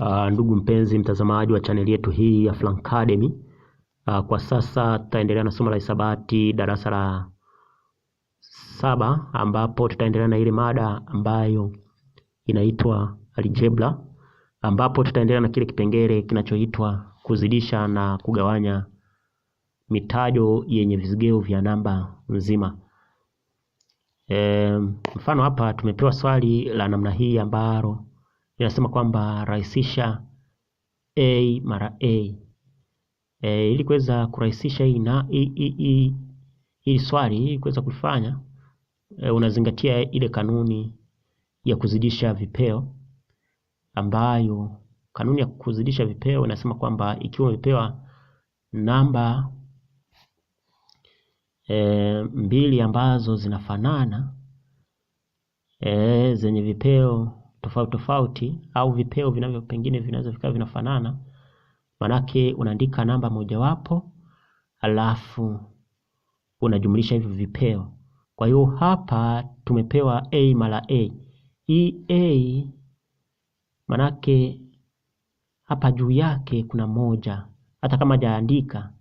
Uh, ndugu mpenzi mtazamaji wa chaneli yetu hii ya Francademy. Uh, ah, kwa sasa tutaendelea na somo la hisabati darasa la saba ambapo tutaendelea na ile mada ambayo inaitwa algebra ambapo tutaendelea na kile kipengele kinachoitwa kuzidisha na kugawanya mitajo yenye vizigeo vya namba nzima. E, mfano hapa tumepewa swali la namna hii ambalo inasema kwamba rahisisha a mara a. E, ili kuweza kurahisisha hili swali, ili kuweza kufanya e, unazingatia ile kanuni ya kuzidisha vipeo ambayo kanuni ya kuzidisha vipeo inasema kwamba ikiwa umepewa namba e, mbili ambazo zinafanana e, zenye vipeo tofauti tofauti au vipeo vinavyo pengine vinaweza vikawa vinafanana, manake unaandika namba mojawapo alafu unajumlisha hivyo vipeo. Kwa hiyo hapa tumepewa a mara a. Hii a manake hapa juu yake kuna moja, hata kama hajaandika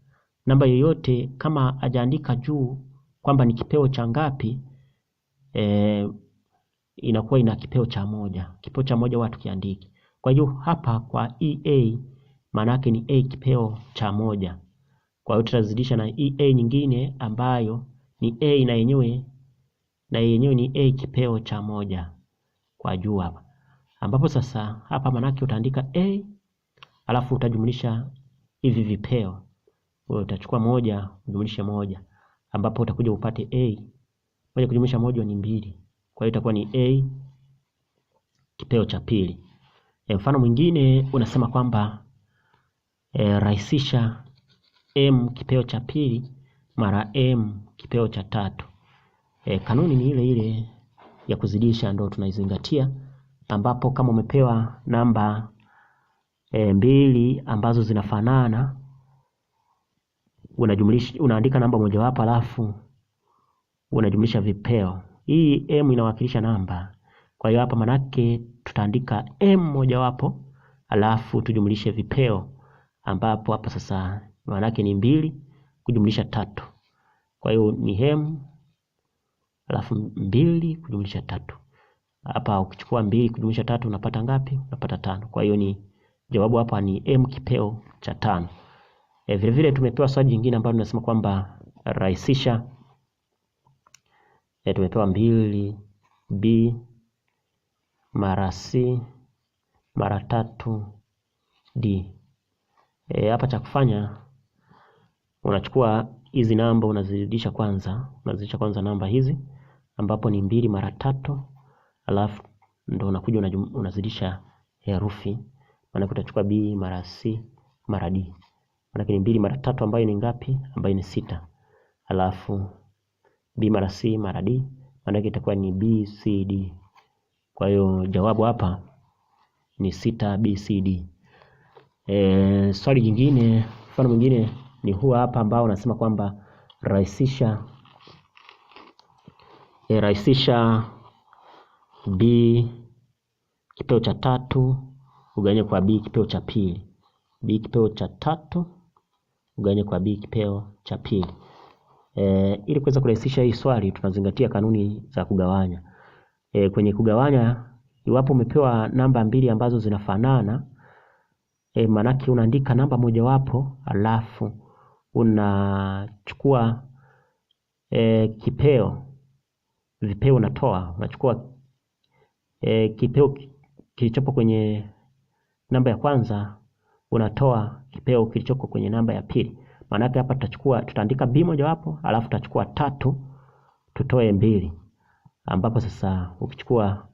namba yoyote, kama hajaandika juu kwamba ni kipeo cha ngapi eh, inakuwa ina kipeo cha moja. Kipeo cha moja watu kiandiki. Kwa hiyo hapa kwa ea maana yake ni a kipeo cha moja. Kwa hiyo tutazidisha na ea nyingine ambayo ni a na yenyewe na yenyewe ni a kipeo cha moja kwa juu hapa, ambapo sasa hapa maana yake utaandika a alafu utajumlisha hivi vipeo, wewe utachukua moja ujumlishe moja, ambapo utakuja upate a. Moja kujumlisha moja ni mbili. Kwa hiyo itakuwa ni a kipeo cha pili. E, mfano mwingine unasema kwamba e, rahisisha m kipeo cha pili mara m kipeo cha tatu. E, kanuni ni ile ile ya kuzidisha ndio tunaizingatia, ambapo kama umepewa namba e, mbili ambazo zinafanana unajumlisha, unaandika namba mojawapo alafu unajumlisha vipeo hii m inawakilisha namba, kwa hiyo hapa manake tutaandika m mojawapo, alafu tujumlishe vipeo, ambapo hapa sasa manake ni mbili kujumlisha tatu. Kwa hiyo ni m alafu mbili kujumlisha tatu. Hapa ukichukua mbili kujumlisha tatu unapata ngapi? Unapata tano. Kwa hiyo ni jawabu hapa ni m kipeo cha tano. E, vile vile tumepewa swali jingine ambalo tunasema kwamba rahisisha e, tumetoa mbili b mara c mara tatu d. E, hapa cha kufanya unachukua hizi namba unazirudisha kwanza, unazirudisha kwanza namba hizi ambapo ni mbili mara tatu, alafu ndo unakuja unazidisha herufi, maana utachukua b mara c mara d, maana ni mbili mara tatu ambayo ni ngapi? Ambayo ni sita, alafu B mara C mara D, maana yake itakuwa ni B C D. Kwa hiyo jawabu hapa ni sita B C D. E, swali jingine, mfano mwingine ni huwa hapa ambao unasema kwamba rahisisha e, rahisisha B kipeo cha tatu uganye kwa B kipeo cha pili. B kipeo cha tatu uganye kwa B kipeo cha pili. E, ili kuweza kurahisisha hii swali tunazingatia kanuni za kugawanya. E, kwenye kugawanya iwapo umepewa namba mbili ambazo zinafanana e, maanake unaandika namba mojawapo alafu unachukua e, kipeo vipeo unatoa, unachukua e, kipeo kilichopo kwenye namba ya kwanza unatoa kipeo kilichoko kwenye namba ya pili. Maana hapa tutachukua tutaandika b mojawapo, alafu tutachukua tatu tutoe mbili, ambapo sasa ukichukua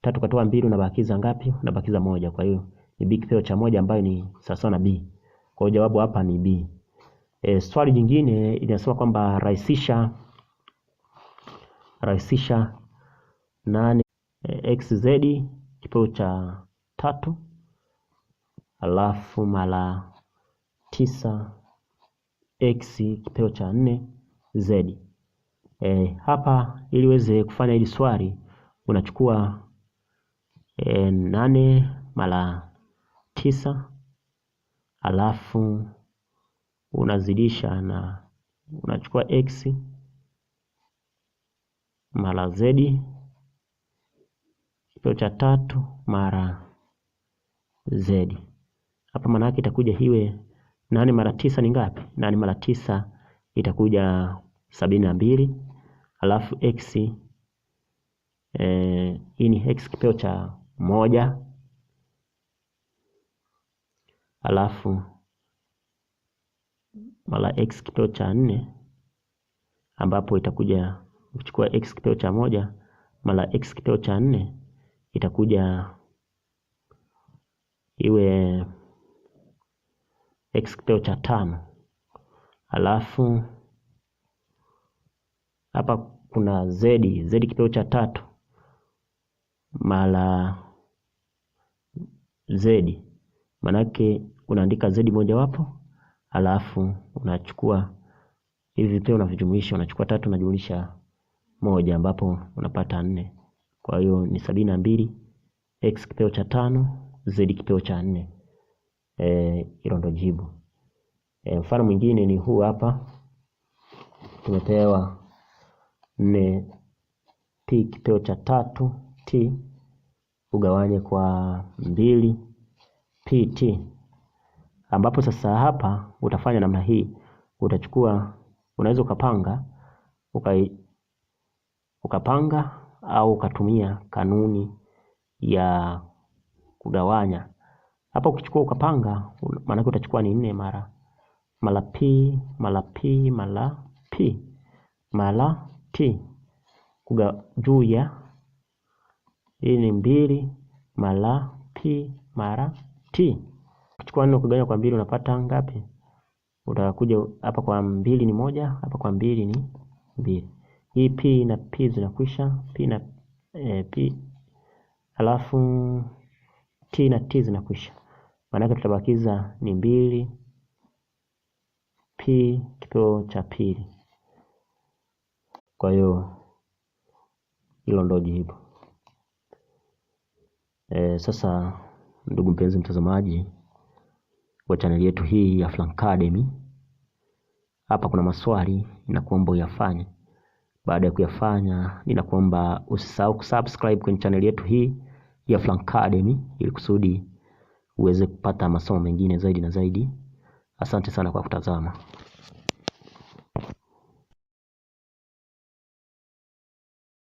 tatu katoa mbili unabakiza ngapi? Unabakiza moja. Kwa hiyo ni b kipeo cha moja ambayo ni sawa na b. Kwa hiyo jawabu hapa ni b. E, swali jingine inasema kwamba rahisisha rahisisha nane e, xz kipeo cha tatu alafu mara tisa x kipeo cha 4 z. E, hapa ili uweze kufanya hili swali unachukua e, nane mara tisa alafu unazidisha na unachukua x mara z kipeo cha tatu mara z. Hapa maana yake itakuja hiwe nane mara tisa ni ngapi? Nane mara tisa itakuja sabini na mbili alafu x eh, hii ni x kipeo cha moja alafu mara x kipeo cha nne ambapo itakuja kuchukua x kipeo cha moja mara x kipeo cha nne itakuja iwe x kipeo cha tano. Alafu hapa kuna z z kipeo cha tatu mara z, manake unaandika z mojawapo, alafu unachukua hivi vipeo unavijumlisha, unachukua tatu unajumlisha moja, ambapo unapata nne. Kwa hiyo ni sabini na mbili x kipeo cha tano z kipeo cha nne. Eh, hilo ndo jibu. Eh, mfano mwingine ni huu hapa, tumepewa nne t kipeo cha tatu t ugawanye kwa mbili pt, ambapo sasa hapa utafanya namna hii, utachukua unaweza ukapanga uka, ukapanga au ukatumia kanuni ya kugawanya hapa ukichukua ukapanga, maanake utachukua ni nne mara mara p mara p mara p mara t kuga juu ya hii ni mbili mara p mara t. Ukichukua nne ukigawanya kwa mbili unapata ngapi? Utakuja hapa kwa mbili ni moja, hapa kwa mbili ni mbili. Hii p na p zinakwisha, p na e, p alafu t na t zinakwisha, yake tutabakiza ni mbili p kipeo cha pili. Kwa hiyo hilo ndio jibu e. Sasa ndugu mpenzi mtazamaji wa chaneli yetu hii ya Francademy, hapa kuna maswali ninakuomba uyafanye. Baada ya kuyafanya, ninakuomba usisahau kusubscribe kwenye chaneli yetu hii ya Francademy ili kusudi uweze kupata masomo mengine zaidi na zaidi. Asante sana kwa kutazama.